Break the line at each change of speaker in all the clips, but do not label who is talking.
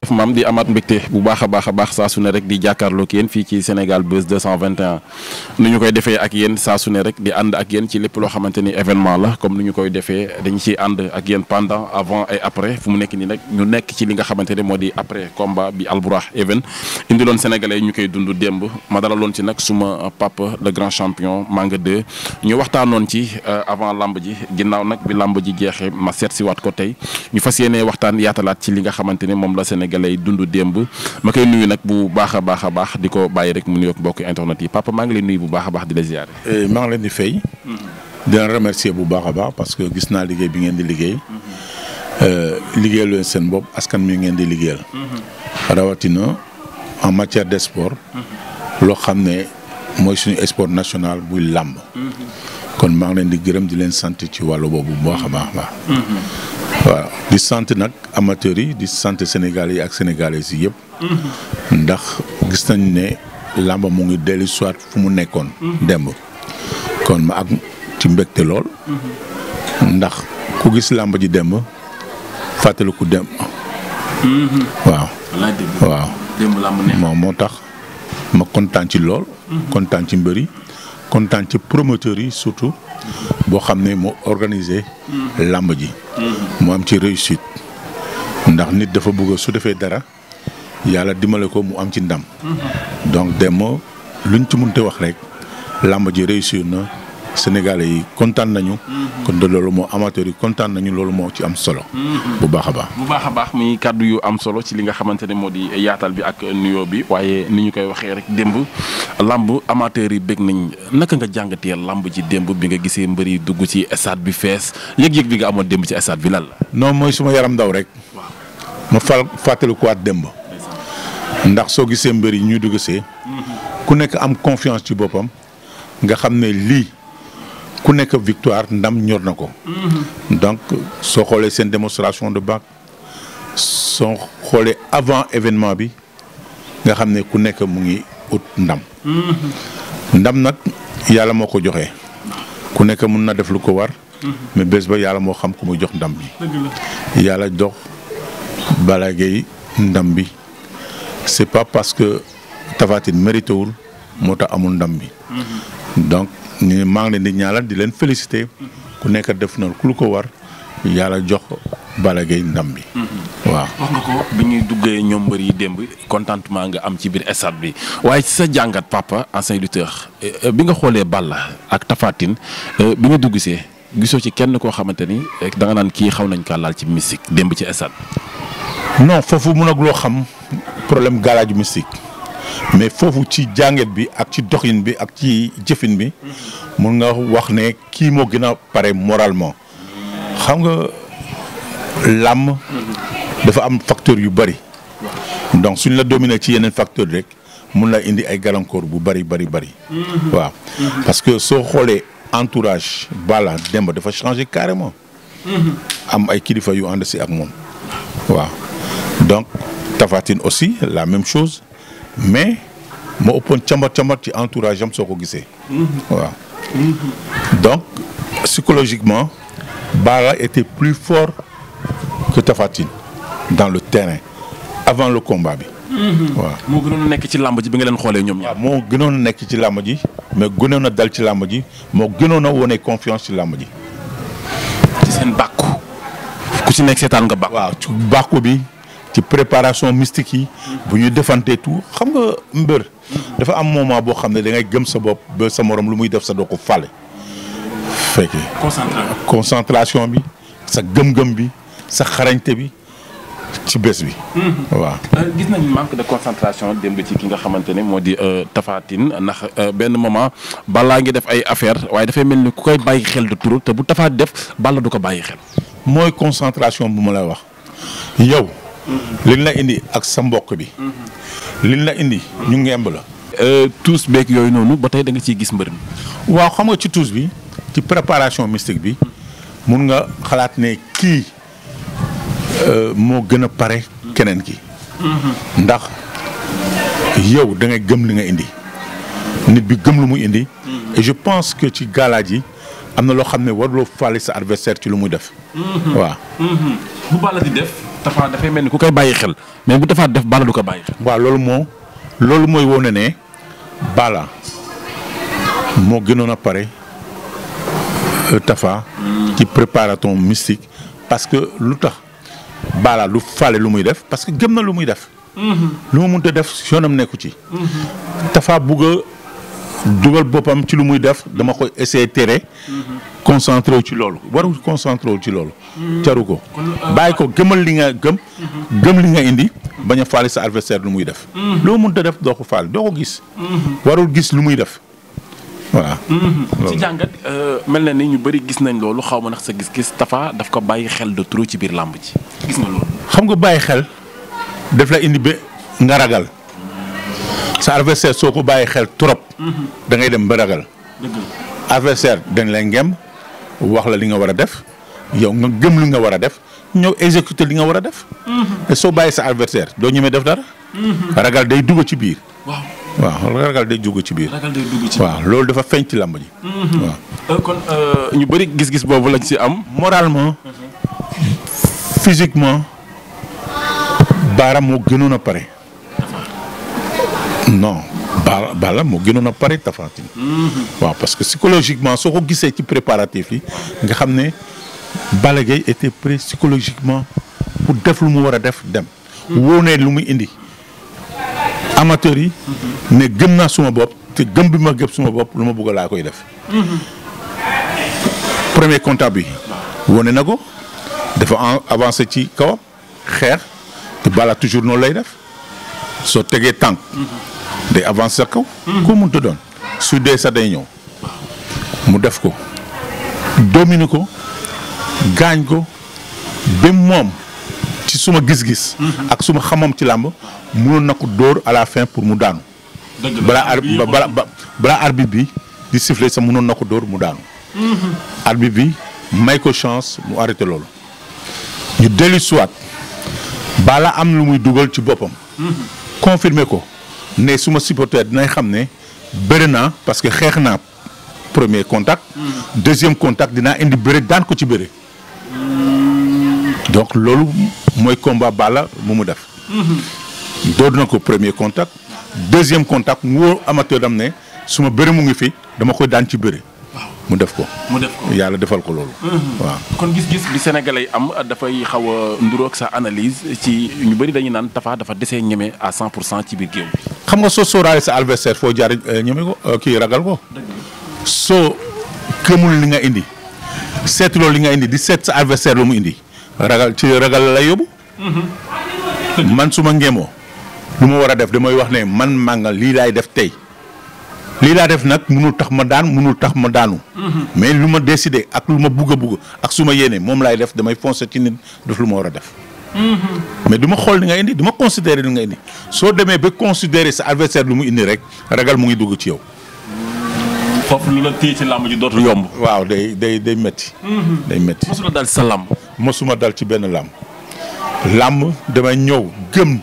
def maam di amaat mbégte bu baax a baax a baax saa su ne rek di jàkkaarloo ak yéen fii ci Sénégal Buzz 221 nu ñu koy defee ak yéen saa su rek di ànd ak yéen ci lépp loo xamante ni événement la comme ni ñu koy defee dañu ciy ànd ak yéen pendant avant et après fu mu nekk nii nag ñu nekk ci li nga xamante ne moo di après combat bi Albourakh Even indi loon Sénégalais yi ñu koy dund démb ma dalaloon ci nag suma papa le grand champion Manga 2 ñu waxtaanoon ci euh, avant lamb ji ginnaaw nag bi lamb ji jeexee ma seet si ko tey ñu fas yéenee waxtaan yaatalaat ci li nga xamante ne moom la Sénégal sénégalais yi dund démb ma koy nuyu nag bu baax a baax a baax di ko bàyyi rek mu nuyoog mbokki internet yi papa maa ngi lay nuyu bu baax baax di la ziare. Eh, maa ngi leen di fay. di leen bu baax a baax parce que gis naa liggéey bi ngeen di liggéey. Mm-hmm. Eh, liggéeyal leen seen bopp askan mi ngeen di liggéeyal. Mm-hmm. rawatina en matière de sport. Mm-hmm. loo xam ne mooy suñu esport national buy làmb. kon maa ngi leen di gërëm di leen sant ci wàllu boobu bu baax baax a waaw di sant nag amateurs yi di sant Sénégalais yi ak sénégalaises yi yëpp. Mm-hmm. ndax gis nañ ne làmba mu ngi dellu soit fu mu nekkoon. Mm-hmm. demb kon ma ak ci mbégte lool. Mm-hmm. ndax ku gis làmba ji demb fàttaliku demb. waaw. waaw moom moo tax ma kontaan ci lool. kontaan ci mbër yi kontaan ci promoteurs yi surtout. boo xam ne moo organiser. làmb ji. Mm-hmm. mu am ci réussite. ndax nit dafa bëgg su defee dara yàlla dimbale ko mu am ci ndam. Mm-hmm. donc dem luñ ci mënti wax rek làmb ji réussir na. Sénégalais yi kontaan nañu. Mhm. kon de loolu moo amateurs yi kontaan nañu loolu moo ci am solo. Mhm. bu baax a baax bu baax a baax muy kàddu yu am solo ci li nga xamante ne moo di yaatal bi ak nuyoo bi waaye ni ñu koy waxee rek démb lamb amateurs yi bëgg nañ naka nga jàngatee lamb ci démb bi nga gisee mbër yi dugg ci stade bi fees yëg-yëg bi nga amoon démb ci stade bi lan la. non mooy suma yaram daw rek. waaw ma fal fàttalikuwaat démb. ndax soo gisee mbër yi ñuy dugg see. Mhm. ku nekk am confiance ci boppam nga xam ne lii. ku nekk victoire ndam ñor na ko. donc soo xoolee seen démonstration de bag soo xoolee avant événement bi nga xam ne ku nekk mu ngi ut ndam. ndam nag yàlla moo ko joxe ku nekk mun na def lu ko war. mais bés ba yàlla moo xam ku muy jox ndam bi. yàlla jox Balla ndam bi c'est pas parce que Tapha Tine mérité wul moo tax amul ndam bi. donc ñu maa ngi leen di ñaanal di leen féliciter ku nekk def na ku lu ko war yàlla jox Balla Gaye ndam bi. Mm-hmm. waaw wax nga ko bi ñuy duggee ñoom mbër yi démb contentement nga am ci biir stade bi waaye ci sa jàngat papa ancien lutteur euh, bi nga xoolee Balla ak tafaatin Tine euh, bi nga dugg see gisoo ci kenn koo xamante ni euh, da nga naan kii xaw nañ kaa laal ci mystique démb ci stade. non foofu mun ak loo xam problème galaaju mystique. mais foofu ci jànget bi ak ci doxin bi ak ci jëfin bi mun nga wax ne kii moo gën a pare moralement xam nga làmm dafa am facteur yu bëri donc suñ la dominé ci yeneen facteur rek mun la indi ay gàllankoor bu bëri bari bëri
mm-hmm. waaw mm-hmm. parce
que soo xoolee entourage bala demba dafa changé carrément mm-hmm. am ay kilifa yu ànd si ak moom waaw donc Tapha Tine aussi la même chose mais moo ëppoon càmbar càmbar ci entourage am soo ko gisee. Mm-hmm. waaw mm-hmm. donc psychologiquement Bara était plus fort que Tapha Tine dans le terrain avant le combat bi. Mm-hmm. waa moo gënoon a nekk ci làmb ji bi nga leen xoolee ñoom ñaar. moo gënoon nekk ci làmb ji mais gënoon a dal ci làmb ji moo gënoon a wone confiance ci làmb ji. ci seen bàkku ku ci nekk seetaan nga bàkku. bàkku bi. ci préparation mystique yi. bu ñu defantee tout xam nga mbër. dafa am moment boo xam ne dangay ngay gëm sa bopp ba sa moroom lu muy def sa doo ko fàlle. fekkee concentration bi sa gëm-gëm bi sa xarañte bi ci bés bi. Mm-hmm. waaw. Euh, gis nañu manque de concentration démb ci ki nga xamante ne moo di euh, Tapha Tine ndax euh, benn moment balaa ngi def ay affaire waaye dafay mel ni ku koy bàyyi xel de trop te bu tafaat def balla du ko bàyyi xel. mooy concentration bu ma lay wax yow. liñ la indi ak sa mboq bi. liñ la indi. ñu ngemb la. Euh, tous beeg yooyu noonu ba tey danga nga gis mbër mi. waaw xam nga ci tuus bi ci préparation mystique bi mun nga xalaat ne kii euh, moo gën a pare keneen ki. ndax yow da ngay gëm li nga indi. nit bi gëm lu muy indi. et je pense que ci galaaj yi am na loo xam ne waruloo faale sa adversaire ci lu muy def. Mm-hmm. waaw. Mm-hmm. def. Tapha dafay mel ni ku koy bàyyi xel mais bu Tapha def Balla du ko bàyyi xel. waaw loolu moo loolu mooy wone ne Balla moo gënoon a pare euh, Tapha. ci préparation mystique parce que lu tax Balla du fàlle lu muy def parce que gëm na lu muy def. Mm-hmm. lu ma mënta def yoonam nekku ci. Mm-hmm. Tapha bugg dugal boppam ci lu muy def dama koy essayer tere. concentré wu ci loolu waru concentré wu ci loolu. caru ko euh, bàyyi ko gëmal li nga gëm. gëm li nga indi. bañ a faale sa adversaire lu muy def. Mhm. loo mënta def doo ko faale doo ko gis. Mhm. warul gis lu muy def voilà. Mhm. jàngat euh, mel na ni ñu bëri gis nañ loolu xaw ma ndax sa gis-gis Tapha daf ko bàyyi xel de trop ci biir làmb ci xam nga bàyyi xel daf la indi ba nga ragal. sa adversaire soo ko bàyyi xel trop. dangay ngay dem ba ragal. adversaire dañ lay ngem wax la li nga war a def yow nga gëm li nga war a def ñëw exécuter li nga war a def. Mhm. te soo bàyyi sa adversaire doo ñemee def dara. Mhm. ragal day dugg ci biir. waaw waaw ragal day dugg ci biir. ragal day dugg loolu dafa feeñ ci làmb ji. Mhm. waaw euh, kon euh, ñu bëri gis-gis boobu lañ si am. moralement. physiquement. baara moo gënoon pare. non Balla Balla moo gënoon a pare Tapha mm-hmm. waaw parce que psychologiquement soo ko gisee ci préparatif yi nga xam ne Balla Gaye était prêt psychologiquement pour def lu mu war a def dem. Mm-hmm. woo ne lu mu indi amateurs yi. Mm-hmm. ne gën naa suma bopp te gën bi ma gëm suma bopp lu ma bëgg laa koy def. premier contact bi. wone na ko dafa avancé ci kawam xeex te Balla toujours noonu lay def soo tegee tànk. day avancer ko kaw. koo mënta doon su dee sax day ñëw mu def ko domine ko gaañ ko ba moom ci suma gis-gis. Mhm. ak suma xamam ci làmb mënoon na ko dóor à la fin pour mu daanu. balaa balaa balaa arbitre bi di siffler sax mënoon na ko dóor mu daanu. Mhm. arbitre bi may ko chance mu arrêté loolu. ñu dellu siwaat balaa am lu muy dugal ci boppam. Mhm. confirmer ko. ne suma ma supporter dinañ xam ne bëri naa parce que xeex naa premier contact. Mm. deuxième contact dinaa indi bëri daan ko ci bëri. Mm. donc loolu mooy combat Balla mu mu def.
Mm-hmm.
doon na ko premier contact. deuxième contact mu woo amateur dam ne su ma bëri mu ngi fi dama koy daan ci bëri. mu def ko mu def ko yàlla defal ko loolu. Mm-hmm. waaw kon gis-gis bi sénégalais am dafay xaw a nduroog sa analyse ci ñu bëri dañu naan Tapha dafa desee ñeme à 100 pour cent ci biir géew bi. xam nga soo sóoraale sa adversaire foo jaar eh, ñeme ko eh, kii ragal ko. soo gëmul li nga indi seetuloo li nga indi di seet sa adversaire lu mu indi ragal ci ragal la lay yóbbu. Mm-hmm. man su ma ngéemoo lu ma war a def damay wax ne man màngal lii laay def tey lii laa def nag munul tax ma daan munul tax ma daanu. Mm-hmm. mais lu ma décidé ak lu ma bugg a ak su ma yéene moom laay def damay foncer ci nit def lu ma war a def. mais du ma xool li nga indi du ma considérer li nga indi soo demee ba considérer sa adversaire lu mu indi rek ragal mu ngi dugg ci yow. foofu lu la téye ci làmb ji dootul yomb. waaw day day day métti. day métti mosuma dal ci sa làmb. dal ci benn làmb. làmb damay ñëw gëm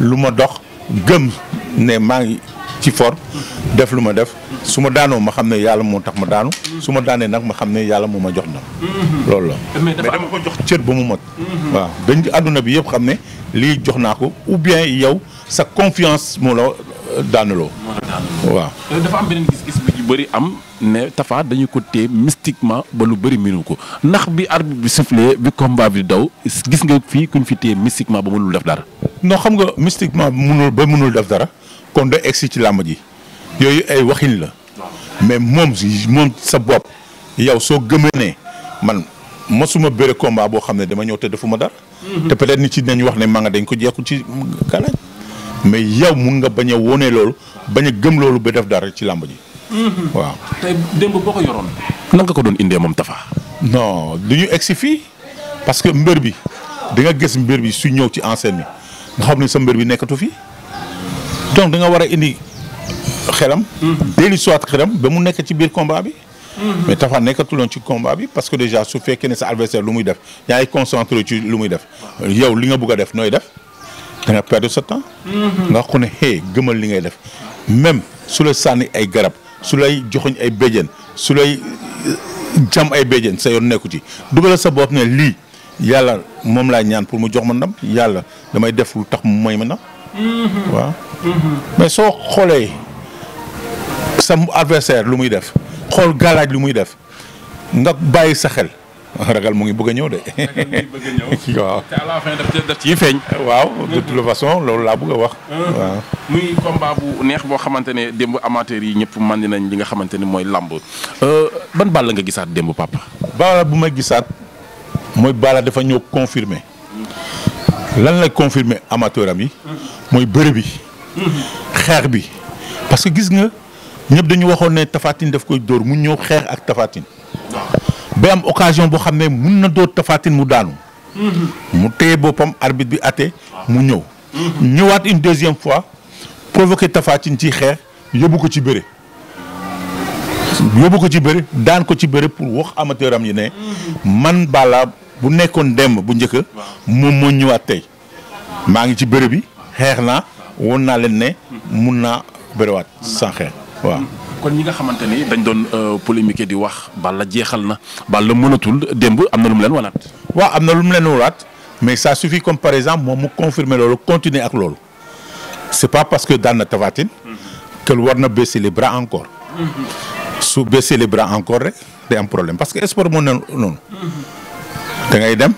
lu ma dox gëm ne maa ngi. ci for def lu ma def su ma daanoo ma xam ne yàlla moo tax ma daanu su ma daanee nag ma xam ne yàlla moo ma jox na loolu la mais dama ko jox cër ba mu mat mhm. waaw dañ àdduna bi yëpp xam ne lii jox naa ko ou bien yow sa confiance moo la euh, daanuloo waaw euh, dafa am beneen gis-gis bu ci bëri am ne Tapha dañu ko téye mystiquement ba lu bëri minu ko ndax bi arbitre bi soufflé bi combat bi daw gis nga fii kuñ fi téye mystiquement ba mënul def dara non xam nga mystiquement munul ba munul def dara kon da egsi ci làmb ji yooyu ay waxin la mais moom moom sa bopp yow soo gëmee ne man mosuma bëre combat boo xam ne dama ñëw te ma dara. Mhm. te peut-être nit ci nañ wax ne maa nga dañ ko jeexu ci kalaaj mais yow mun nga bañ a wone loolu bañ a gëm loolu ba def dara ci làmb ji.
Mhm. waaw
tey démb boo ko yoroon. nan ko doon indee moom Tapha. non du ñu egsi fii parce que mbër bi di nga gis mbër bi su ñëw ci enseigne bi. nga xam ne sa mbër bi nekkatu fi donc da nga war a indi xelam. Mm-hmm. dellu soit xelam ba mu nekk ci biir combat bi.
Mm-hmm. mais
Tapha nekkatuloon ci combat bi parce que déjà su fekkee ne sa adversaire lu muy def yaa ngi concentré ci lu muy def. yow li nga bëgg a def nooy def da nga perdre sa temps. Mm-hmm. nga xam ne gëmal li ngay def même su la sànni ay garab su lay joxoñ ay béjjén su lay euh, jam ay béjjén sa yoon nekku ci dugalal sa boot ne lii. yàlla moom laa ñaan pour mu jox ma ndam yàlla damay def lu tax mu may ma ndam.
Mm-hmm. waaw. Mm-hmm.
mais soo xoolee sa adversaire lu muy def xool galaaj lu muy def nga bàyyi sa xel. ragal mu ngi bëgg a ñëw de. waaw te à feeñ. waaw de toute façon loolu laa bëgg a wax. Mm-hmm. waaw muy combat bu neex boo xamante ne démb amateur yi ñëpp mandi nañ li nga xamante ne mooy làmb euh, ban Balla nga gisaat démb papa. Balla bu may gisaat. mooy Balla dafa ñëw confirmer lan lay confirmer amateur am mooy bëre bi xeex bi parce que gis nga ñëpp dañu waxoon ne Tafatine daf koy dóor mu ñëw xeex ak Tafatine ba am occasion boo xam ne mun na dóor Tafatine mu daanu mu téye boppam arbitre bi atte mu ñëw ñëwaat une deuxième fois provoqué Tafatine ci xeex yóbbu ko ci bëre yóbbu ko ci bëri daan ko ci bëri pour wax amateur am yi ne man Balla bu nekkoon demb bu njëkk moom moo ñëwaat tey maa ngi ci bërëb bi xeex naa woon naa leen ne mun naa bëriwaat sans xeex waaw. kon ñi nga xamante ni dañ doon euh, polémique di wax Balla jeexal na Balla mënatul demb am na lu mu leen wanaat. waa am na lu mu leen wanaat mais ça suffit comme par exemple moom mu confirmer loolu continuer ak loolu c'est pas parce que daan na Tapha Tine war na baisser les encore. Mm-hmm. su baissé les bras encore rek day am problème parce que sport moo ne noonu da ngay dem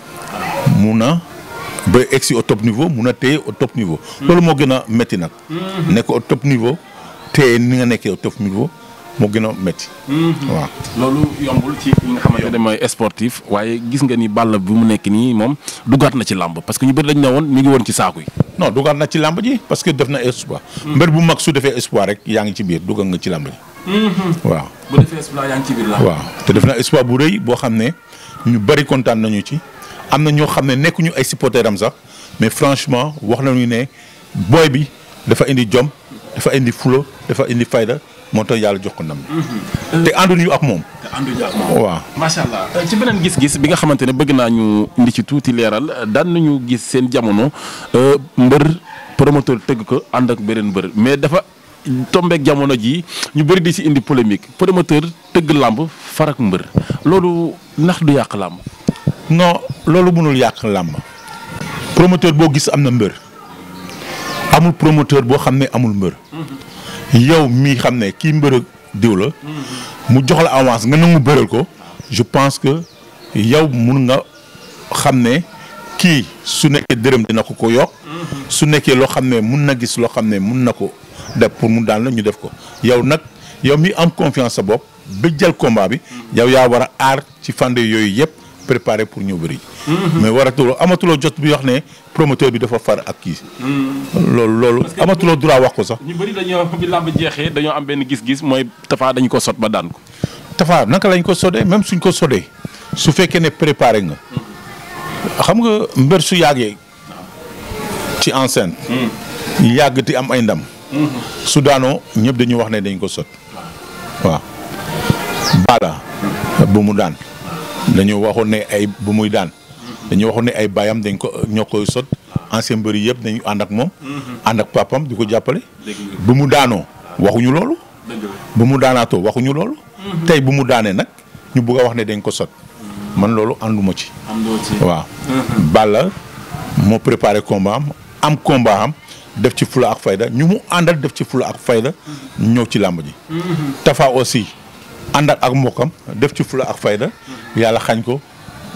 mu na ba egg si au niveau mun a téye au top niveau. loolu moo gën a métti nag. Mm-hmm. nekk au top niveau téye ni nga nekkee au niveau. mu gën a métti. Mhm. waaw loolu yombul ci li nga xamante ne mooy sportif waaye gis nga ni Balla bi mu nekk nii moom dugaat na ci làmb parce que ñu bëri dañ ne woon ngi woon ci saaku yi. non dugaat na ci làmb ji parce que def na espoir. Mhm. mbër bu mag su defee espoir rek yaa ngi ci biir dugal nga ci làmb ji. Mhm. waaw bu defee espoir yaa ngi ci biir làmb. waaw te def na espoir bu rëy boo xam ne ñu bëri kontaan nañu ci am na ñoo xam ne nekkuñu ay supporters am sax mais franchement wax nañu ne booy bi dafa indi jom dafa indi fulo dafa indi fayda moo tax yàlla jox ko na te ànduñu ak moom. ak moom waaw. macha allah euh, ci beneen gis-gis bi nga xamante ne bëgg naa ñu indi ci tuuti leeral daan nañu gis seen jamono euh, mbër promoteur tëgg ko ànd ak beneen mbër mais dafa tombeek jamono ji ñu bëri di si indi polémique promoteur tëgg làmb far ak mbër loolu ndax du yàq làmb. non loolu mënul yàq làmb. promoteur boo gis am na mbër. amul promoteur boo xam ne amul mbër. Mhm. yow mii xam ne kii mbërëg diw la mu jox la avance nga nangu bëral ko je pense que yow mun nga xam ne kii su nekkee dërëm dina ko ko yokk su nekkee loo xam ne mun na gis loo xam ne mun na ko def pour mu daan la ñu def ko yow nag yow mi am confiance sa bopp ba jël combat bi yow yaa war a aar ci fànn yooyu yëpp préparé pour ñëw bëri ji. Mm-hmm. mais waratuloo amatuloo jot bi wax ne promoteur bi dafa far ak kii. Mm-hmm. loolu loolu amatuloo droit wax ko sax. ñu bëri dañoo bi làmb jeexee dañoo am benn gis-gis mooy Tapha dañu ko sot ba daan ko. Tapha naka lañ ko sodee même suñ ko sodee su fekkee ne préparé nga. Mm-hmm. xam nga mbër su yàggee. Ah. ci enceinte. yàgg ti am ay ndam. su daanoo ñëpp dañu wax ne dañ ko sot. Ah. waaw. Balla bu mu daan. dañu waxoon ne ay bu muy daan dañu waxoon ne ay baayam dañ ko ñoo koy sot ancien mbër yëpp dañu ànd ak moom ànd ak papam di ko jàppale bu mu daanoo waxuñu loolu bu mu daanaatoo waxuñu loolu tey bu mu daanee nag ñu bëgg a wax ne dañ ko sot man loolu ànduma ci waaw uh-huh. Balla moo préparé kombaam am am combat am def ci fula ak fayda ñu mu àndal def ci fula ak fayda ñëw ci làmb ji uh-huh. Tafa aussi àndaat ak mbokkam def ci fula ak fayda yàlla xañ ko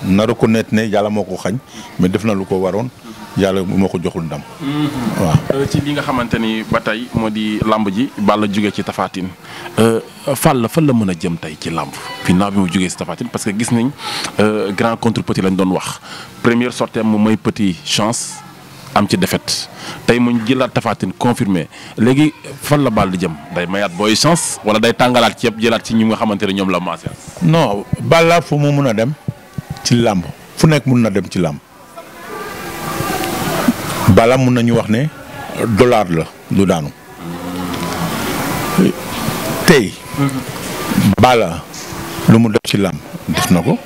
na net ne yàlla moo ko xañ mais def na lu ko waroon yàlla moo ko joxul ndam. waaw ci li nga xamante ni ba tey moo di làmb ji Balla jógee ci Tafatine euh, Fall fan la mën a jëm tey ci làmb ginnaaw bi mu jógee si Tafatine parce que gis nañ euh, grand contre petit lañ doon wax première sortie moom mooy pëti chance. am ci défaite tey mu jëlaat tafaatin confirmé léegi fan la Balla di jëm day mayaat booy chance wala day tàngalaat ci jëlaat ci ñi nga xamante ne ñoom la maasee. no Balla fu mu mun a dem ci làmb fu nekk mun na dem ci làmb Balla mun nañu wax ne dollar la lu daanu tey. Balla lu mu def ci làmb def na ko.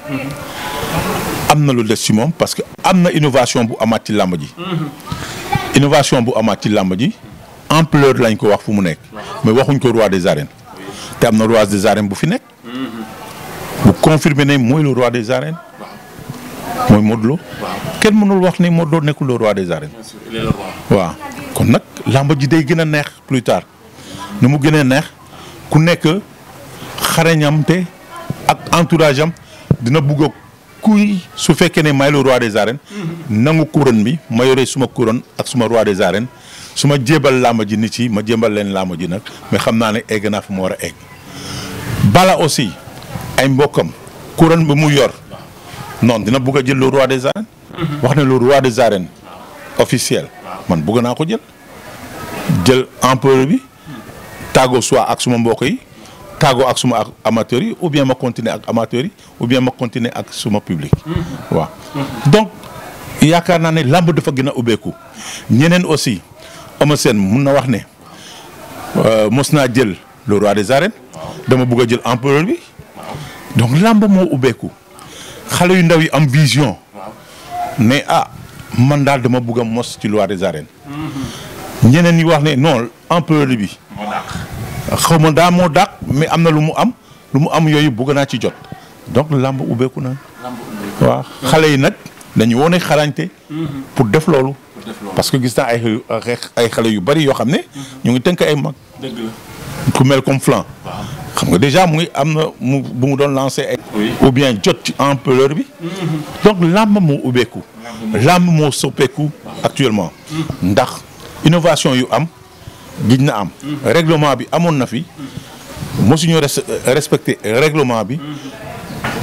am na lu des ci moom parce que am na innovation bu amaat ci làmb ji. Mhm. innovation bu amaat ci làmb ji ampleur lañ ko wax fu mu nekk mais waxuñ ko roi des arènes te am na roi des arènes bu fi nekk. Mhm. bu confirmer ne mooy le roi des arènes. mooy Modou kenn mënul wax ni Modou Lo nekkul le roi des arènes. waaw kon nag làmb ji day gën a neex plus tard nu mu gënee neex ku nekk xarañam te ak entourage am dina bugg kuy su fekkee ne may lu roi des arènes nangu couronne bi ma yore suma couronne ak suma roi des arènes su ma jébal làmb ji nit yi ma jébal leen làmb ji nag mais xam naa ne egg naa fu ma war a egg bala aussi ay mbokkam couronne bi mu yor non dina bëgg jël le roi des arènes wax ne le roi de arènes officiel man bëgg naa ko jël jël empereur bi tàggoo soit ak suma mbokk yi tàggoo ak suma ak yi ou bien ma continuer ak amateurs yi ou bien ma continuer ak suma public. Mm-hmm. waaw donc yaakaar naa ne làmb dafa gën a ubbeeku ñeneen aussi Eumeu Sène mun na wax ne euh, mos naa jël le roi des arènes. dama bëgg a jël empereur bi. donc làmb moo ubbeeku xale yu ndaw yi am vision. ne ah man daal dama bëgg a mos ci roi des arènes.
Mm-hmm.
ñeneen ñi wax ne non empereur bi. xaw ma daa moo dàq mais am na lu mu am lu mu am yooyu bëgg naa ci jot donc làmb ubbeeku na. waaw xale yi nag dañu woon xarañte. Mhm. pour def loolu. parce que gis naa ay xale yu bari yoo xam ne. Mhm. ñu ngi tënk ay mag. dëgg la ku mel comme flan. xam nga déjà mu am na mu bu mu doon lancé ay. ou bien jot ci ampleur bi. Mhm. donc làmb moo ubbeeku. làmb moo soppeeku actuellement. ndax innovation yu am. gis na am. réglement bi amoon na fi. mosuñu res respecté règlement bi.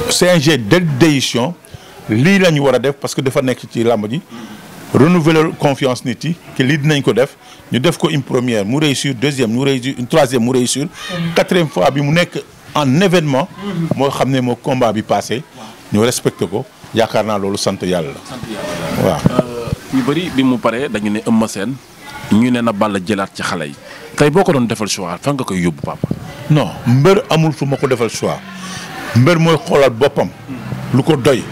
CNG de décision lii la ñu war a def parce que dafa nekk ci làmb ji. renouveler confiance nit yi que lii dinañ ko def ñu def ko une première mu réussir deuxième mu réussir mu réussir. quatrième fois bi mu nekk en événement. moo xam ne moo combat bi passé. ñu respecté ko yaakaar naa loolu sant yàlla. sant waaw. Euh, ñu bëri bi mu pare dañu ne Eumeu Sène ñu ne na Balla jëlaat ci xale yi tey boo ko doon defal choix fan nga koy yóbbu papa. non mbër amul fu ma ko defal choix mbër mooy xoolal boppam. lu ko doy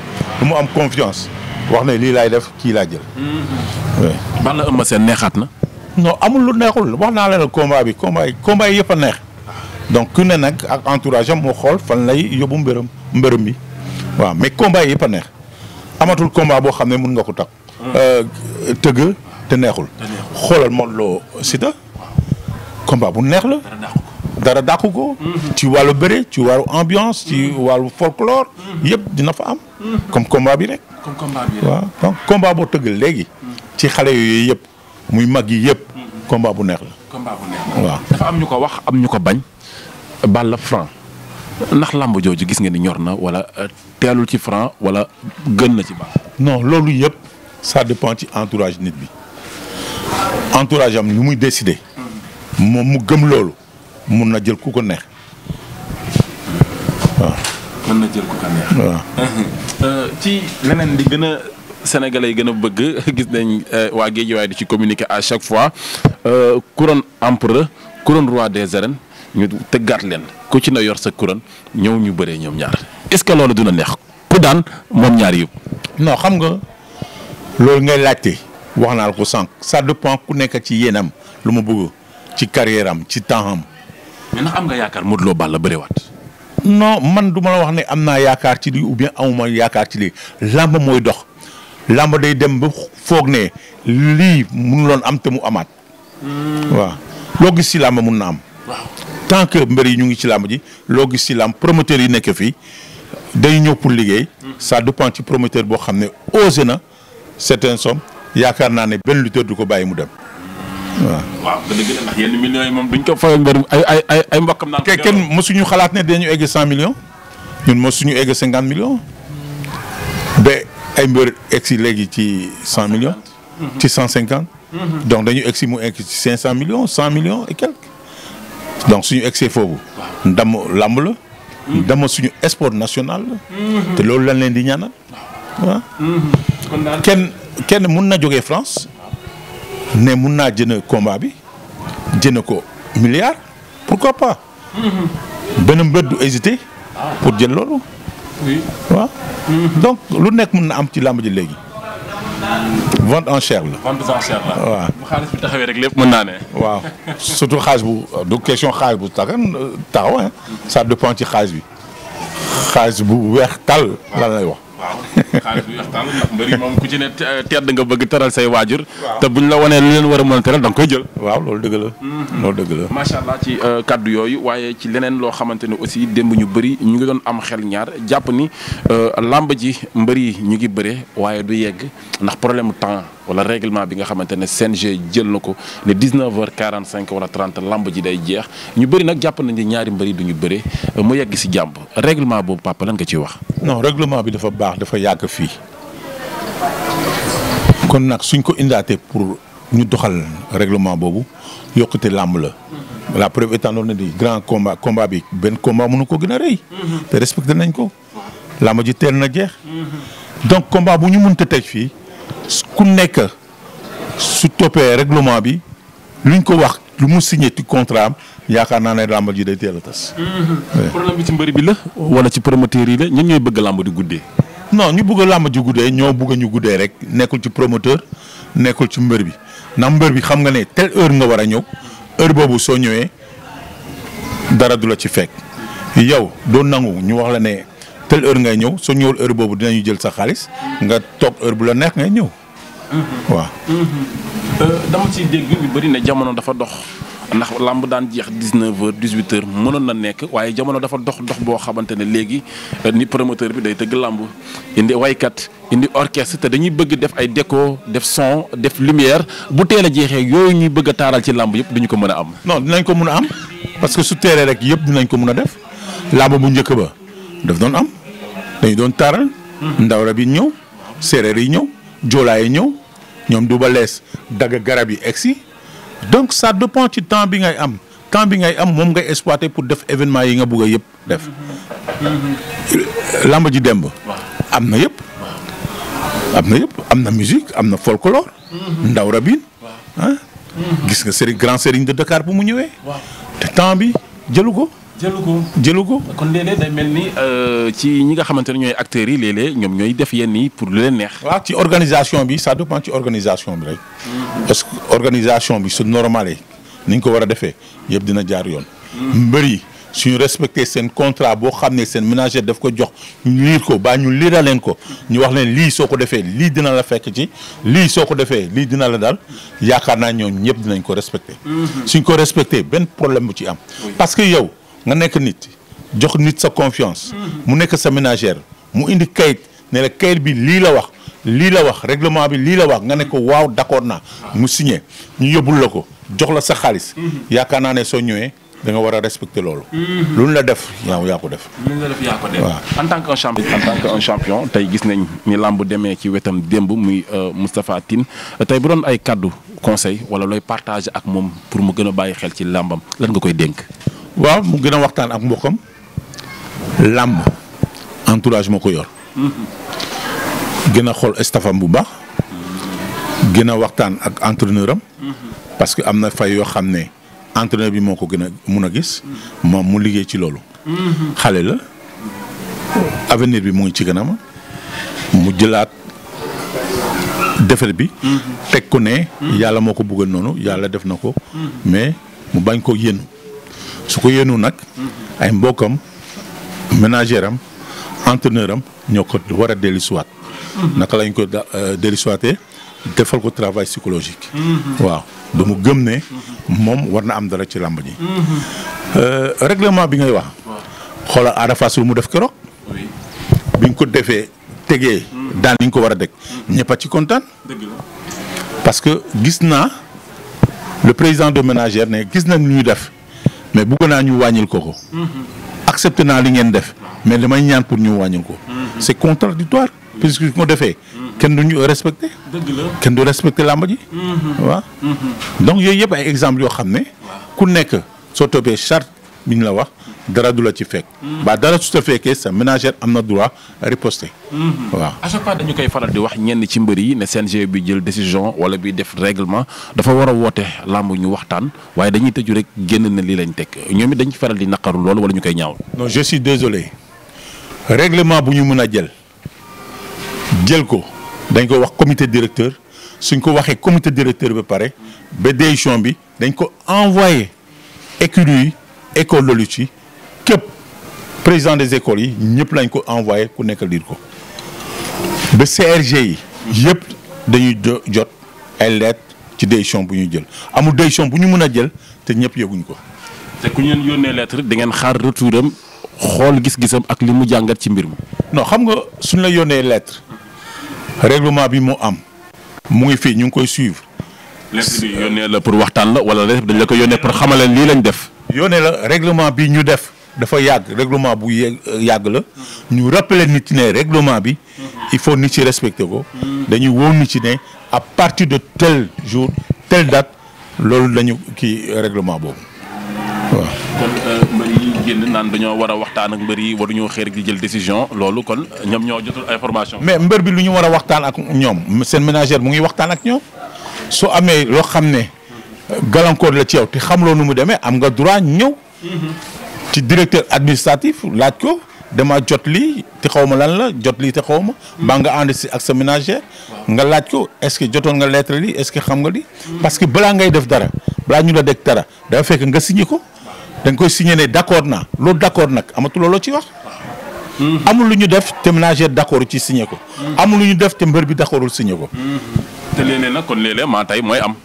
lu mu am confiance wax ne lii laay def kii laa jël. Mm-hmm. Balla Eumeu Sène neexaat na. non amul lu neexul wax naa leen combat bi combat yi combat yëpp a neex donc ku ne nag ak entourage am moo xool fan lay yóbbu mbërëm mbërëm bi waaw mais combat yi yëpp a neex amatul combat boo xam ne mun nga ko tax mm. euh, tëgg. te neexul. xoolal Modou Lo Siteu. combat bu neex la. dara dàqu ko. Mhm. ci wàllu bëre ci wàllu ambiance. ci mhm. wàllu folklore. Mhm. yëpp dina fa am. comme combat bi rek. comme combat donc combat boo tëgg léegi. ci xale yooyu yëpp muy mag yi yëpp. combat bu neex la. combat dafa am ñu ko wax am ñu ko bañ. Balla Franc ndax làmb jooju gis nga ni ñor na wala euh, teelul ci Franc wala gën na ci Balla. non loolu yëpp ça dépend ci entourage nit bi. entourage am lu muy décider. moom mu gëm loolu mun na jël ku ko neex mën na jël euh, ci leneen di gën a sénégalais yi gën a bëgg gis nañ euh, waa Guédiawaye du ci communiqué à chaque fois euh, couronne empereur couronne roi des arènes ñu tëggaat leen ku ci na yor sa couronne ñëw ñu bëree ñëw ñaar est-ce que loolu dina neex ku daan moom ñaar yëpp. non xam nga loolu ngay laajte. wax naa la ko sànq ça dépend ku nekk ci yéenam lu mu bugg ci carrière ci temps am. mais ndax am nga yaakaar Modou Lo Balla bëriwaat. non man du ma la wax ne am naa yaakaar ci lii ou bien amuma yaakaar ci lii làmb mooy dox làmb day dem ba foog ne lii loon am te mu amaat.
Hmm. waaw
loo gis ci làmb mun na am. tant que mbër yi ñu ngi ci làmb ji loo gis ci làmb promoteur yi nekk fii day ñëw pour liggéey. Hmm. ça dépend ci promoteur boo xam ne osé na certaines sommes. yaakaar naa ne benn lutteur du ko bàyyi mu dem waaw. waaw dëgg la ndax moom duñ ko fayal mbër ay ay ay ay mbokkam kenn kenn mosuñu xalaat ne dañu egg cent millions ñun mosuñu egg cinquante millions ba ay mbër egg si léegi ci cent millions. ci cent cinquante. Mm-hmm. donc dañu egg si mu egg ci cinq cent millions cent millions et quelques. donc suñu egsee foofu. ndam làmb la. Mm-hmm. ndam suñu sport national
mm-hmm. te
loolu lañ leen di ñaanal. waaw. kenn mun na jógee France ne mun naa jën combat bi jënd ko milliard pourquoi pas. benn mbët du hésité. pour jël loolu. Mhm. donc lu nekk mun na am ci làmb ji léegi. vente en chair la. vente en chair bu lépp mën naa ne. waaw surtout xaalis bu du question xaalis bu taxaw taxaw sa dépend ci xaalis bi. xaalis bu weex tàll lan lay waaw xaalis bi moom ku ci ne eh, tedd nga bëgg teral say waajur. te buñ la wanee lu leen war a mën danga koy jël. waaw loolu dëgg la. Mm-hmm. loolu dëgg la. macha allah ci eh, kàddu yooyu waaye ci leneen loo xamante ne aussi démb ñu bëri ñu ngi doon am xel ñaar jàpp ni eh, làmb ji mbëri ñu ngi bëre waaye du yegg ndax problème temps wala réglement bi nga xamante ne CNG jël na ko ne 19h45 wala 30 lamb ji day jeex ñu bëri nag jàpp nañ ne ñaari mbëri du ñu bëre mu yegg si jàmb réglement boobu papa lan nga ciy wax. non réglement bi dafa baax dafa yàgg fii kon nag suñ ko indaatee pour ñu doxal réglement boobu yokkute làmb la. la preuve étant donné di grand combat combat bi benn combat munu ko gën a rëy. Mhm. te respecté nañ ko. làmb ji teel na jeex. Mhm. donc combat bu ñu mënta teg fii. ku nekk su toppee règlement bi luñ ko wax lu mu signé ci contrat am yaakaar naa ne làmb ji de teel a tas.
Mm-hmm. problème bi ci bi la. wala
ci promoteur yi la ñun ñooy bëgg làmb ji guddee. non ñu bugg làmb ji guddee ñoo bugg ñu guddee rek nekkul ci promoteur nekkul ci mbër bi ndax mbër bi xam nga ne tel heure nga war a ñëw heure boobu soo ñëwee dara du la ci fekk yow doo nangu ñu wax la ne. telle heure ngay ñëw soo ñëwul heure boobu dinañu jël sa xaalis nga toog heure bu la neex ngay ñëw. Mm-hmm. waaw. Mm-hmm. Euh, dama ci dégg yu bëri ne jamono dafa dox ndax làmb daan jeex dix-neuf heures dix-huit heures mënoon na nekk waaye jamono dafa dox dox boo xamante ne léegi euh, ni promoteur bi day tëgg làmb indi waykat indi orchestre te dañuy bëgg def ay déco def son def lumière bu teel a jeexee yooyu ñuy bëgg a taaral ci làmb yëpp duñu ko mën a am. non dinañ ko mën a am parce que su teeree rek yëpp dinañ ko mën a def làmb bu njëkk ba. daf doon am dañu doon taaral. ndawra bi ñëw séeréer yi ñëw joolaa yi ñëw ñoom du ba lees dagg garab yi egsi donc ça dépend ci temps bi ngay am temps bi ngay am moom ngay exploiter pour def événement yi nga bëgg yëpp def. làmb ji demb am na yëpp. am na yëpp am na musique am na folklore. Mm-hmm. ndaw rabin ah. gis nga sëriñ grand sëriñ de Dakar bu mu ñëwee. te temps bi jëlu ko. jëlu ko jëlu ko. kon léeg mel ni euh, ci ñi nga xamante ne ñooy acteurs yi léeg-léeg ñoom ñooy def yenn yi pour lu leen neex. waaw ci organisation bi ça dépend ci organisation bi rek. Hmm. parce que organisation bi su normalé ni ñu ko war a defee yëpp dina jaar yoon. Hmm. mbër yi suñu respecté seen contrat boo xam ne seen ménager def ko jox ñu liir ko baa ñu liira leen ko ñu wax leen lii soo ko defee lii dina la fekk ci lii soo ko defee lii dina la daal yaakaar naa ñoom ñëpp dinañ ko respecté. Hmm. suñ ko respecté benn problème bu ci am. parce que yow. nga nekk nit jox nit sa confiance mm-hmm. mu nekk sa ménagère mu indi kayit ne la kayit bi lii la wax lii la wax règlement bi lii la wax nga ne ko waaw d'accord naa mu signé ñu yóbbul la ko jox la sa xaalis mm-hmm. yaakaar naa ne soo ñëwee da nga war a respecter loolu. Mm-hmm. lu ñu la def yaa yaa ko def. lu ñu en tant que un champion. un champion tey gis nañ ni làmb demee ci wetam démb muy euh, mustapha Tine tey bu doon ay kàddu conseil wala looy partager ak moom pour mu gën a bàyyi xel ci làmbam lan nga koy dénk. waaw mu gën a waxtaan ak mbokkam làmb entourage moo ko yor. gën a xool stafam bu baax. gën a waxtaan ak entraîneur am. parce que am na fay yoo xam ne entraîneur bi moo ko gën a mun a gis. moom mu liggéey ci loolu. xale la avenir bi mu ngi ci gën a ma mu jëlaat defar bi. teg ko ne. yàlla moo ko bëggoon noonu yàlla def na ko. mais mu bañ ko yéen. su ko yéenu nag ay mbokkam ménagère am entraîneur am ñoo ko war a dellusiwaat naka lañ ko euh, dellusiwaatee defal ko travail psychologique waaw ba mu gëm ne moom war na am dara ci làmb ji euh, règlement bi ngay wax xoolal Ada lu mu def keroog biñ ko defee tegee daan liñ ko war a deg ñëpp a ci kontaan parce que gis naa le président de ménager ne gis na lu ñuy def mais bëgg naa ñu wàññil ko ko. Mm-hmm. accepté naa li ngeen def mais damay ñaan pour ñu wàññil ko. Mm-hmm. c' est contradictoire mm-hmm. puisque ko defee. kenn du ñu respecté. dëgg la kenn du respecté làmb ji. waaw donc yooyu yëpp ay exemple yoo xam ne. ku nekk soo toppee charte bi la wax. dara du la ci fekk. ba dara su ta fekkee sa ménagère am na droit riposter. Mm-hmm. waaw à chaque fois dañu koy faral di wax ñenn ci mbër yi ne CNG bi jël décision wala bi def règlement dafa war a woote làmb ñu waxtaan waaye dañuy tëju rek génn na lii lañ teg ñoom it dañu faral di naqaru loolu wala ñu koy ñaaw. non je suis désolé règlement bu ñu mën a jël jël ko dañ ko wax commité directeur suñ ko waxee commité directeur ba pare ba décision bi dañ ko envoyé écurie yi école képp président des écoles yi ñëpp lañ ko envoyé ku nekk liir ko ba CRG yi yëpp dañuy jot ay lettre ci décision bu ñu jël amul décision bu ñu mën a jël te ñëpp yëguñ ko te ku ñeen yónnee lettre di ngeen xaar retouram xool gis-gisam ak li mu jàngat ci mbir mi non xam nga suñ la yonnee lettre règlement bi mu am mu ngi fii ñu ngi koy suivre lettre bi yónnee la pour waxtaan la wala lettre dañ la ko yónnee pour xamaleen lii lañ def yónnee la réglement bi ñu def dafa yàgg règlement bu yàgg la ñu rappeler nit ne règlement bi il faut nit ci respecter ko dañuy woo nit ci ne à partir de tel jour telle date loolu dañu kii réglement boobu waaw. kon euh, mbër yi génn naan dañoo war a waxtaan ak mbër yi waruñoo xeer gi jël décision loolu kon ñoom ñoo jotul information. mais mbër bi lu ñu war a waxtaan ak ñoom seen ménagère mu ngi waxtaan ak ñoom soo amee loo xam ne gàllankoor la ci yow te xamloo nu mu demee am nga droit ñëw. Mm-hmm. ci directeur administratif laaj ko dama jot lii te xaw ma lan la jot lii xaw ma. Hmm. ba nga ànd si ak sa ménagère. nga laaj ko est-ce que jotoon nga lettre lii est-ce que xam nga lii. Hmm. parce que balaa ngay def dara balaa ñu la dégg dara dafa fekk nga signé ko. danga koy signé ne d'accord naa loolu d'accord nag amatuloo loo ci wax. Hmm. amul lu ñu def te ménagère d'accord ci signé ko. amul lu ñu def te mbër bi d'accordul signé ko. te léeg nag kon léeg maa tey mooy am.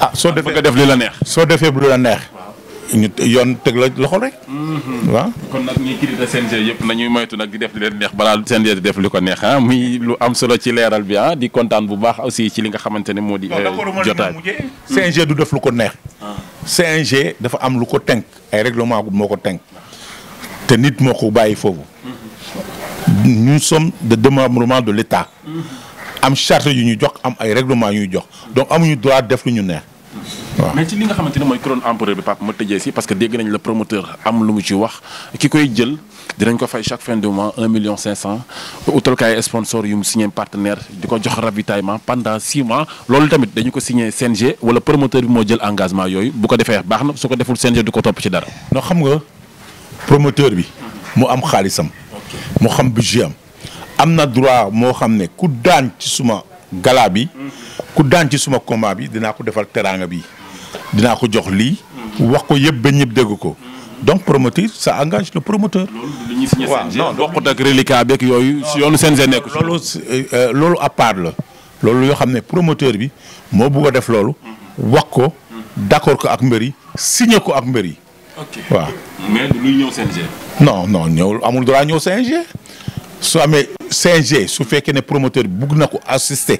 ah soo defee n def li la neex. soo defee bu la neex. ñu yoon teg la loxo rek. Mm-hmm. waa kon nag ñi critiqué CNG yëpp nañuy moytu nag di def li leen neex balaa CNG di def li ko neex ah. muy lu am solo ci leeral bi ah di kontaan bu baax aussi ci li nga xamante ne moo di. Euh, jotaay
mm-hmm. CNG
du def lu ko neex. Ah. CNG dafa am lu ko tenk ay règlement moo ko tënk te nit moo ko bàyyi foofu. Mm-hmm. nous sommes de démembrement de l'État am charte yu ñu jox am ay règlement yu jox donc amuñu droit def lu ñu neex. waaw mais ci li nga xamante ne mooy couronne empereur bi papa ma tëjee si parce que dégg nañ la promoteur am lu mu ci wax ki koy jël dinañ ko fay chaque fin de mois 1 million 500 utal kaay sponsor yu mu signé partenaire di ko jox ravitaillement pendant 6 mois loolu tamit dañu ko signé CNG wala promoteur bi moo jël engagement yooyu bu ko defee baax na su ko deful CNG du ko topp ci dara. non xam nga promoteur bi. mu am xaalisam. mu xam budget am. am na droit moo xam ne ku daan suma gala bi. Mm-hmm. ku daan ci suma combat bi dinaa ko defal teraanga bi. dinaa ko jox lii. wax ko yëpp ba ñëpp dégg ko. donc promoteur ça engage le promoteur. loolu waaw non bokkut ak reliquat beeg yooyu. yoonu CNG nekk loolu euh, loolu à part la. loolu yoo xam ne promoteur bi moo bëgg a def loolu. wax ko d'accord ko ak mbër yi signé ko ak mbër yi. ok waaw mais luy ñëw CNG. non non ñëw amul droit ñëw CNG. su amee CNG su fekkee ne promoteur bi bugg na ko assister.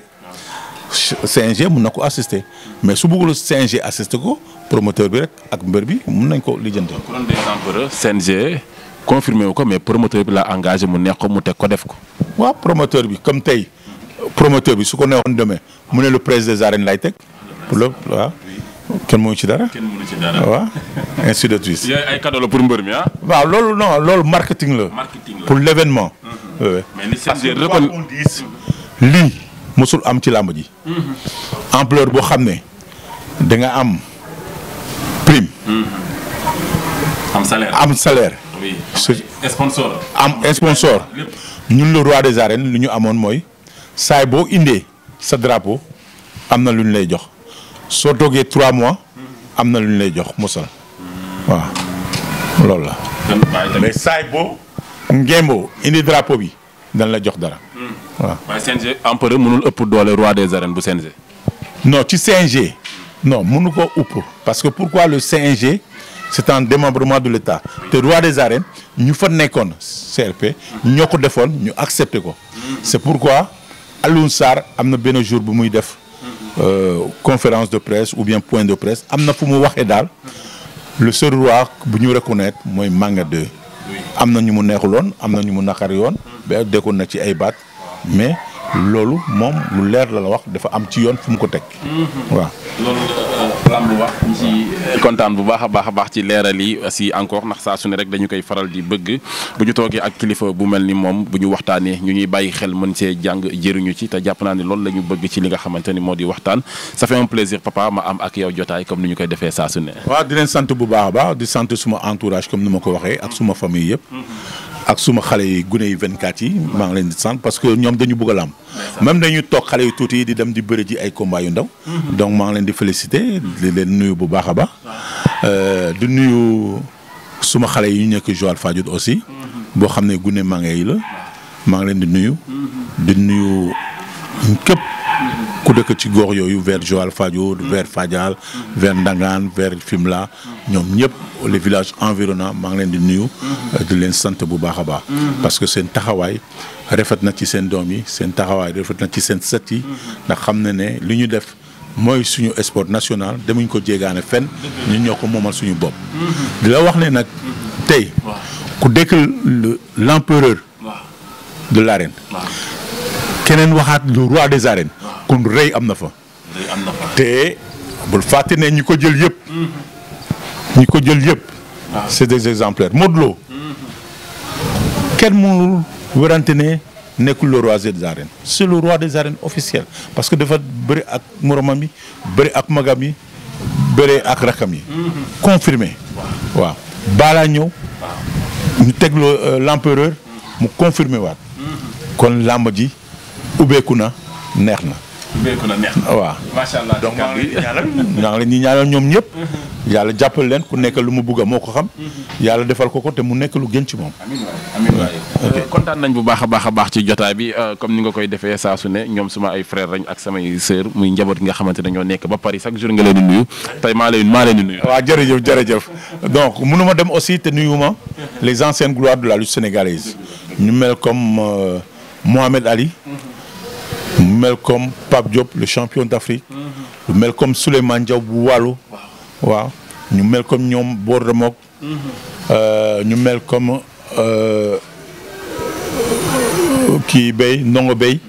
CNG mun na ko assister mais su bëggul CNG assister ko promoteur bi rek ak mbër bi mun nañ ko lijjanti. ku doon CNG confirmé wu ko mais promoteur bi la engagé mu neex ko mu teg ko def ko. waaw promoteur bi comme tey promoteur bi su ko neexoon demee mu ne le président des arènes lay teg pour le waaw. kenn mënu kenn mënu ci de suite. yooyu ay cadeau la pour mbër mi ah. waaw loolu marketing la. marketing la pour l' mësul am ci làmb ji. ampleur boo xam ne danga am prime. am salaire am salaire. oui sponsor. am sponsor. ñun le roi des arènes lu ñu amoon mooy saay boo indee sa drapeau am na lu ñu lay jox soo toogee trois mois am na lu ñu lay jox mosal waaw loolu la. mais saay boo ngémboo indi drapeau bi dañ la jox dara. Hmm. waaw waaye CNG empereur mënul ëpp doole roi des arènes bu CNG. non ci CNG. non mënu ko ëpp parce que pourquoi le CNG c'est un démembrement de l'État te roi des arènes ñu fa nekkoon CRP ñoo ko defoon ñu accepté ko. c'est pourquoi Alioune sar am na benn jour bu muy def. Euh, conférence de presse ou bien point de presse am na fu mu waxee daal le seul roi bu ñu reconnaître mooy Manga 2. am na ñu mu neexuloon am na ñu mu naqari yoon. ba ci ay baat. mais loolu moom lu leer la la wax dafa am ci yoon fu mu ko teg. Mhm. waaw loolu euh, lamb wax ñu ci kontaan bu baax a baax a ci leeral yi si encore ndax saa su ne rek dañu koy faral di bëgg bu ñu toogee ak kilifa bu mel ni moom bu ñu waxtaanee ñu ñuy bàyyi xel mën see jàng jëriñu ci te jàpp naa ne loolu la ñu bëgg ci li nga xamante ni moo di waxtaan ça fait un plaisir papa ma am ak yow jotaay comme ni ñu koy defee saa su ne. waaw di leen sant bu baax a baax di sant suma entourage comme ni ma ko waxee ak suma famille yëpp. Mhm. ak suma xale yi gune yi 24 yi. maa ngi leen di sant parce que ñoom dañu bëgg a làmb même dañu toog xale yu tuuti yi di dem di bëri ji ay combat yu ndaw. Mhm. donc maa leen di féliciter di leen nuyu bu baax a baax. Euh, di nuyu suma xale yi ñu nekk Joal Fadiouth aussi. Mhm. boo xam ne gune maa ngi la. maa ngi leen di nuyu. Mhm. di nuyu képp. ku dëkk ci gox yooyu vers Joal Fadiouth mm. vers Fadial vers Ndangaan vers Fimela mm. ñoom ñëpp les villages environnants maa ngi leen di nuyu mm. di leen sant bu baax a baax parce que seen taxawaay rafet na ci seen doom yi seen taxawaay rafet na ci seen sati yi ndax xam na ne li ñu def mooy suñu sport national demuñ ko jéegaane fenn ñun ñoo ko moomal suñu bopp mm-hmm. di la wax ne nag mm-hmm. tey ku dëkk l'empereur de l'arène keneen waxaat le roi des arènes kon rëy am na fa. am na te bul fàtte ne ñu ko jël yëpp. ñi ko jël yëpp. Mm-hmm. Ah. c'est des exemplaires Modou Lo. Mm-hmm. kenn mënul wérante ne nekkul le roi des arènes c'est le roi des arènes officiel parce que dafa bëri ak moromam yi bëri ak magam yi bëri ak rakam yi. Mm-hmm. confirmé. waaw balaa ñëw. ñu teg euh, l'empereur mu confirmé waat. kon làmb ji ubbeeku na neex na.
ubbeeku ah, waaw
macha allah donc maa ngi ñaanal maa ngi leen di ñaanal ñoom ñëpp mm-hmm. yàlla jàppal leen ku nekk lu mu bugg a moo ko xam mm-hmm. yàlla defal ko ko te mu nekk lu gën ci moom amiin euh, kontaan nañ bu baax a baax a baax ci jotaa bi euh, comme ni nga koy defee saa su ne ñoom suma ay frère lañ ak samay sœur muy njaboot gi nga xamante ne ñoo nekk ba Paris chaque jour nga leen di nuyu tey maa leen maa leen di nuyu waaw jërëjëf jërëjëf donc mënu ma dem aussi te nuyuma les anciennes gloires de la lutte sénégalaise ñu mel comme euh, Mohamed Ali mm-hmm. mu mel comme Pape Diop le champion d'Afrique lu mm-hmm. mel comme Souleymane Diaw bu wàllu waaw ñu mel comme ñoom Bordeaux mook mm-hmm. euh, ñu mel comme euh, kii béy ndongo béy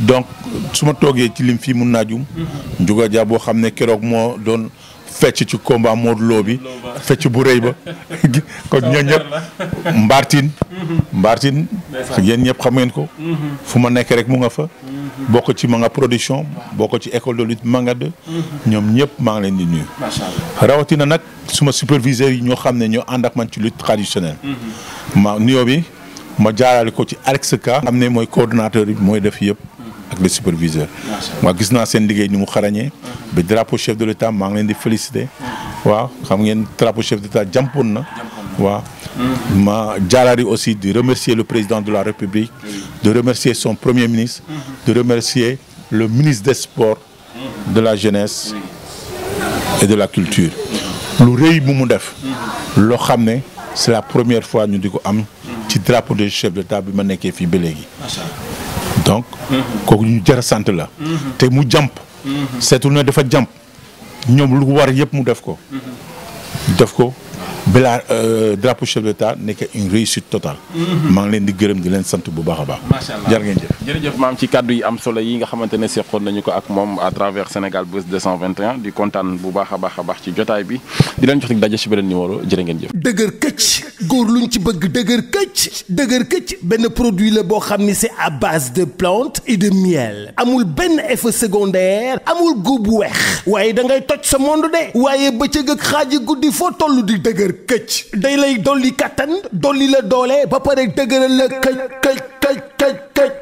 donc su ma toogee ci lim fii mun naa jum mm-hmm. Ndiouga Dia boo xam ne keroog moo doon fecc ci combat Modou Lo bi fecc bu rëy ba kon ñoo ñëpp mbaartin mbaartin yéen ñëpp xam ngeen ko fu ma nekk rek mu nga fa bokk ci Manga production bokk ci école de lutte Manga 2 ñoom ñëpp maa ngi leen di nuyu rawatina nag suma superviseurs yi ñoo xam ne ñoo ànd ak man ci lutte traditionnelle ma nuyoo bi ma jaarale ko ci Alex Ka xam ne mooy coordonnateur bi mooy def yëpp ak le superviseur waaw gis naa seen liggéey ñu mu xarañee ba drapeau chef de l'état maa ngi leen di félicité mm. waaw xam ngeen drapeau chef d'état jàmpoon na waaw ma Dialari aussi de remercier le président de la République, de remercier son premier ministre, de remercier le ministre des Sports, de la jeunesse et de la culture. lu rëy bu mu def. loo xam ne c'est la première fois ñu di ko am. ci drapeau de chef d'État bi ma nekkee fii ba léegi. donc kooku ñu jar sant la. te mu jàmp. seetul ne dafa jàmp ñoom lu war yëpp mu def ko. def ko. bilaa euh, drapeau chef de l'État nekk une réussite totale. Mhm. maa ngi leen di gërëm di leen sant bu baax a baax. macha allah jar ngeen jëf. jërëjëf maam ci kàddu yi am solo yi nga xamante ne seqoon nañu ko ak moom à travers Sénégal Buzz 221 di kontaan bu baax a baax a baax ci jotaay bi di leen jox dig daje si beneen numéro jërë ngeen
jëf. dëgër këcc góor luñ ci bëgg dëgër këcc dëgër këcc benn produit la boo xam ni c'est à base de plantes et de miel amul benn effet secondaire amul góob bu weex waaye da ngay toj sa de waaye bëccëg ak guddi foo toll di dëgër këcc day lay dolli kattan dolli la doole ba pare dëgëral la këcc këcc këcc këcc